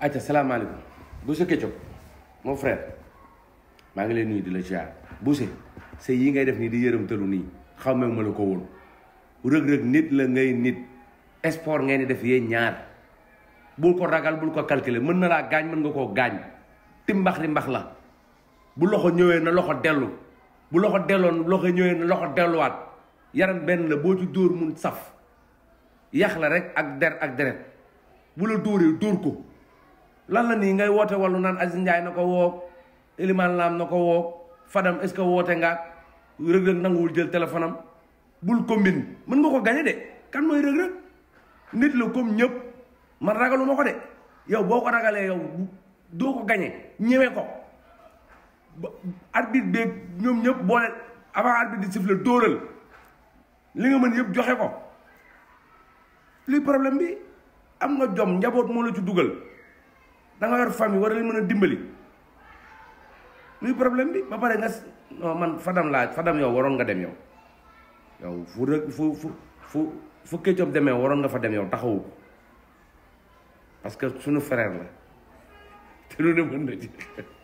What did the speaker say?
ayca salaamaaleykum Boucher Ketchup mon frère maa ngi leen nuyu di la ziar Boucher sa yi ngay def nii di yërëmtalu nii xawma ma la ko woon rëg-rëg nit la ngay nit sport ngay ni def yee ñaar bul ko ragal bul ko calculer mën na laa gaañ mën nga koo gaañ ti mbax di mbax la bu loxo ñëwee na loxo dellu bu loxo delloon loxo ñëwee na loxo delluwaat yaram benn la boo ci dóor mun saf yax la rek ak der ak deret bu la dóoree dóor ko lan la nii ngay woote wàllu naan Aziz Ndiaye na ko woog Elimane Lam na ko woo Fadam est-ce que woote nga Reug Reug nanguwul jël téléphone am bul combine mën nga ko gañe de kan mooy Reug Reug nit la comme ñëpp man ragalu ko de yow boo ko ragalee yow doo ko gañe ñëwee ko ba arbitre beeg ñoom ñëpp boole avant arbitre di siffler dóoral li nga mën yëpp joxe ko li problème bi am nga jom njaboot moo la ci dugal da nga yor bi war a leen mën a dimbali luy problème bi ba pare nga non man fadam laa fadam yow waroon nga dem yow fu rek fu fu fu fu Ketchup demee waroon nga fa dem yow taxawu ko parce que suñu frère la te lu ne mën na ci